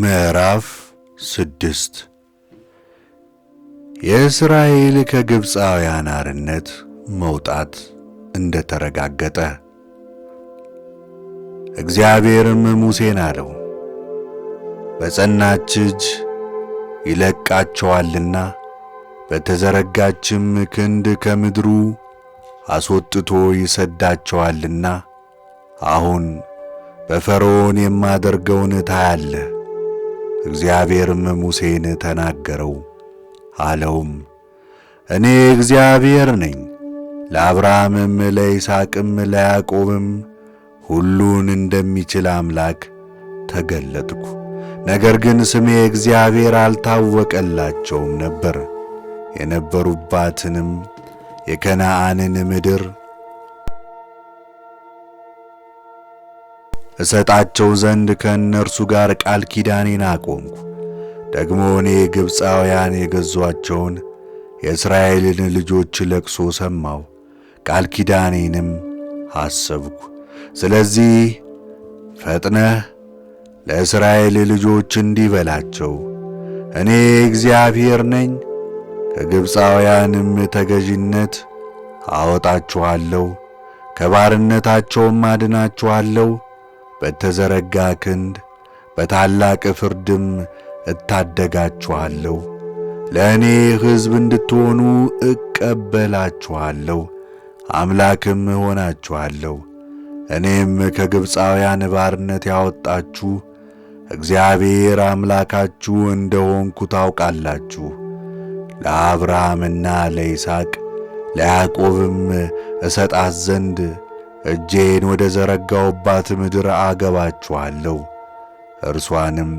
ምዕራፍ ስድስት የእስራኤል ከግብፃውያን አርነት መውጣት እንደተረጋገጠ። እግዚአብሔርም ሙሴን አለው፣ በጸናች እጅ ይለቃቸዋልና በተዘረጋችም ክንድ ከምድሩ አስወጥቶ ይሰዳቸዋልና አሁን በፈርዖን የማደርገውን ታያለህ እግዚአብሔርም ሙሴን ተናገረው አለውም፣ እኔ እግዚአብሔር ነኝ። ለአብርሃምም ለይስሐቅም ለያዕቆብም ሁሉን እንደሚችል አምላክ ተገለጥኩ። ነገር ግን ስሜ እግዚአብሔር አልታወቀላቸውም ነበር። የነበሩባትንም የከነዓንን ምድር እሰጣቸው ዘንድ ከእነርሱ ጋር ቃል ኪዳኔን አቆምኩ። ደግሞ እኔ ግብፃውያን የገዟቸውን የእስራኤልን ልጆች ለቅሶ ሰማሁ፣ ቃል ኪዳኔንም አሰብኩ። ስለዚህ ፈጥነህ ለእስራኤል ልጆች እንዲህ በላቸው፣ እኔ እግዚአብሔር ነኝ፣ ከግብፃውያንም ተገዥነት አወጣችኋለሁ፣ ከባርነታቸውም አድናችኋለሁ በተዘረጋ ክንድ በታላቅ ፍርድም እታደጋችኋለሁ። ለእኔ ሕዝብ እንድትሆኑ እቀበላችኋለሁ፣ አምላክም እሆናችኋለሁ። እኔም ከግብፃውያን ባርነት ያወጣችሁ እግዚአብሔር አምላካችሁ እንደሆንኩ ታውቃላችሁ። ለአብርሃምና ለይስሐቅ ለያዕቆብም እሰጣት ዘንድ እጄን ወደ ዘረጋውባት ምድር አገባችኋለሁ፣ እርሷንም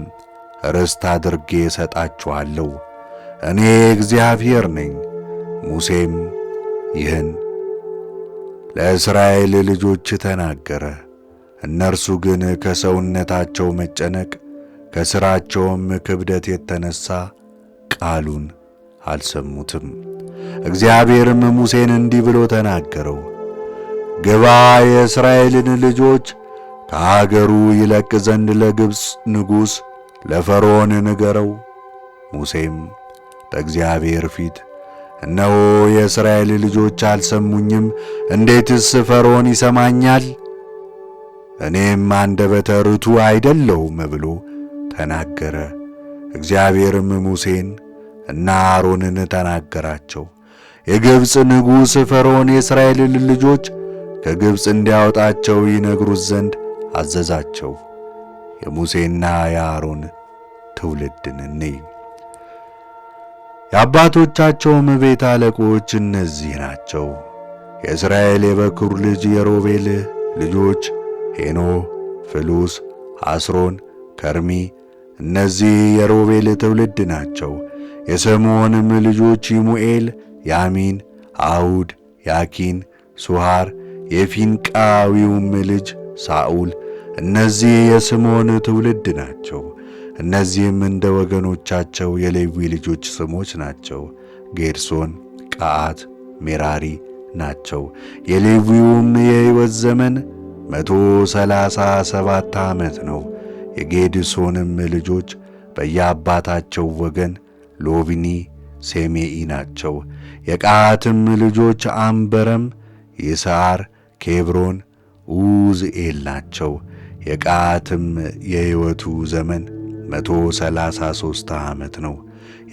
ርስት አድርጌ እሰጣችኋለሁ። እኔ እግዚአብሔር ነኝ። ሙሴም ይህን ለእስራኤል ልጆች ተናገረ። እነርሱ ግን ከሰውነታቸው መጨነቅ ከሥራቸውም ክብደት የተነሳ ቃሉን አልሰሙትም። እግዚአብሔርም ሙሴን እንዲህ ብሎ ተናገረው። ግባ የእስራኤልን ልጆች ከአገሩ ይለቅ ዘንድ ለግብፅ ንጉሥ ለፈርዖን ንገረው። ሙሴም በእግዚአብሔር ፊት እነሆ የእስራኤል ልጆች አልሰሙኝም፣ እንዴትስ ፈርዖን ይሰማኛል? እኔም አንደበተ ርቱዕ አይደለሁም ብሎ ተናገረ። እግዚአብሔርም ሙሴን እና አሮንን ተናገራቸው። የግብፅ ንጉሥ ፈርዖን የእስራኤልን ልጆች ከግብፅ እንዲያወጣቸው ይነግሩት ዘንድ አዘዛቸው። የሙሴና የአሮን ትውልድን እንይ። የአባቶቻቸውም ቤት አለቆች እነዚህ ናቸው። የእስራኤል የበኩር ልጅ የሮቤል ልጆች ሄኖ፣ ፍሉስ፣ አስሮን፣ ከርሚ እነዚህ የሮቤል ትውልድ ናቸው። የስምዖንም ልጆች ይሙኤል፣ ያሚን፣ አሁድ፣ ያኪን፣ ሱሃር የፊንቃዊውም ልጅ ሳኡል እነዚህ የስምዖን ትውልድ ናቸው። እነዚህም እንደ ወገኖቻቸው የሌዊ ልጆች ስሞች ናቸው። ጌድሶን ቀዓት፣ ሜራሪ ናቸው። የሌዊውም የሕይወት ዘመን መቶ ሰላሳ ሰባት ዓመት ነው። የጌድሶንም ልጆች በየአባታቸው ወገን ሎቪኒ፣ ሴሜኢ ናቸው። የቀዓትም ልጆች አምበረም ይሳር፣ ኬብሮን፣ ኡዝኤል ናቸው። የቃትም የሕይወቱ ዘመን መቶ ሰላሳ ሦስት ዓመት ነው።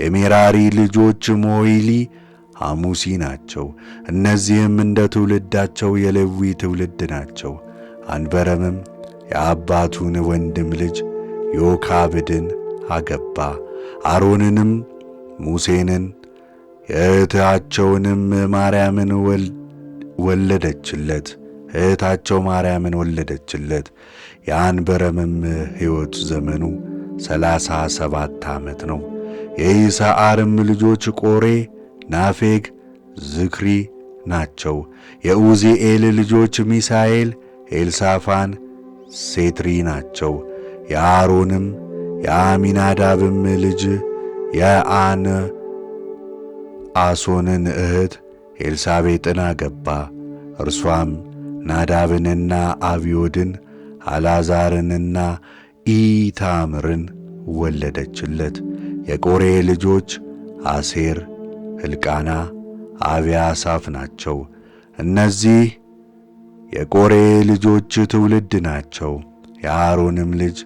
የሜራሪ ልጆች ሞይሊ አሙሲ ናቸው። እነዚህም እንደ ትውልዳቸው የሌዊ ትውልድ ናቸው። አንበረምም የአባቱን ወንድም ልጅ ዮካብድን አገባ። አሮንንም ሙሴንን የእህታቸውንም ማርያምን ወልድ ወለደችለት፣ እህታቸው ማርያምን ወለደችለት። የአንበረምም ሕይወት ዘመኑ ሰላሳ ሰባት ዓመት ነው። የኢሳአርም ልጆች ቆሬ፣ ናፌግ፣ ዝክሪ ናቸው። የኡዚኤል ልጆች ሚሳኤል፣ ኤልሳፋን፣ ሴትሪ ናቸው። የአሮንም የአሚናዳብም ልጅ የአን አሶንን እህት ኤልሳቤጥን አገባ። እርሷም ናዳብንና አብዮድን አልዓዛርንና ኢታምርን ወለደችለት። የቆሬ ልጆች አሴር፣ ሕልቃና፣ አብያሳፍ ናቸው። እነዚህ የቆሬ ልጆች ትውልድ ናቸው። የአሮንም ልጅ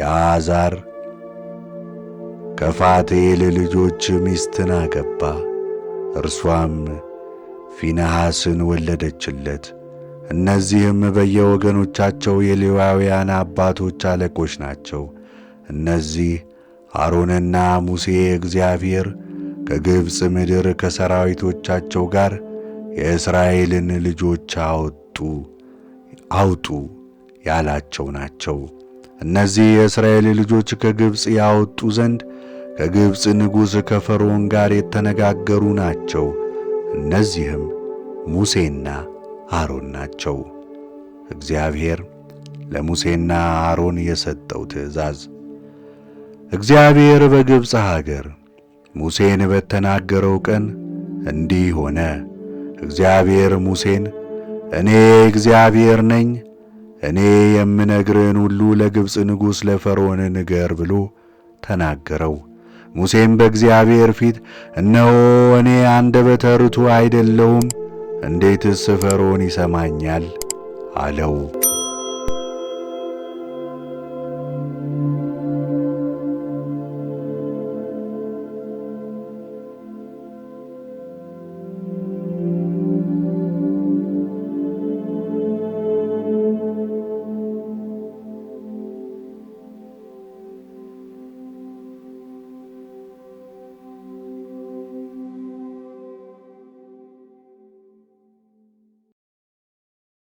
የአዛር ከፋቴል ልጆች ሚስትን አገባ። እርሷም ፊንሐስን ወለደችለት። እነዚህም በየወገኖቻቸው የሌዋውያን አባቶች አለቆች ናቸው። እነዚህ አሮንና ሙሴ እግዚአብሔር ከግብፅ ምድር ከሰራዊቶቻቸው ጋር የእስራኤልን ልጆች አወጡ አውጡ ያላቸው ናቸው። እነዚህ የእስራኤል ልጆች ከግብፅ ያወጡ ዘንድ ከግብፅ ንጉሥ ከፈርዖን ጋር የተነጋገሩ ናቸው። እነዚህም ሙሴና አሮን ናቸው። እግዚአብሔር ለሙሴና አሮን የሰጠው ትእዛዝ እግዚአብሔር በግብፅ ሀገር ሙሴን በተናገረው ቀን እንዲህ ሆነ። እግዚአብሔር ሙሴን እኔ እግዚአብሔር ነኝ፣ እኔ የምነግርህን ሁሉ ለግብፅ ንጉሥ ለፈርዖን ንገር ብሎ ተናገረው። ሙሴም በእግዚአብሔር ፊት እነሆ እኔ አንደበተ ርቱዕ አይደለሁም፣ እንዴትስ ፈርዖን ይሰማኛል? አለው።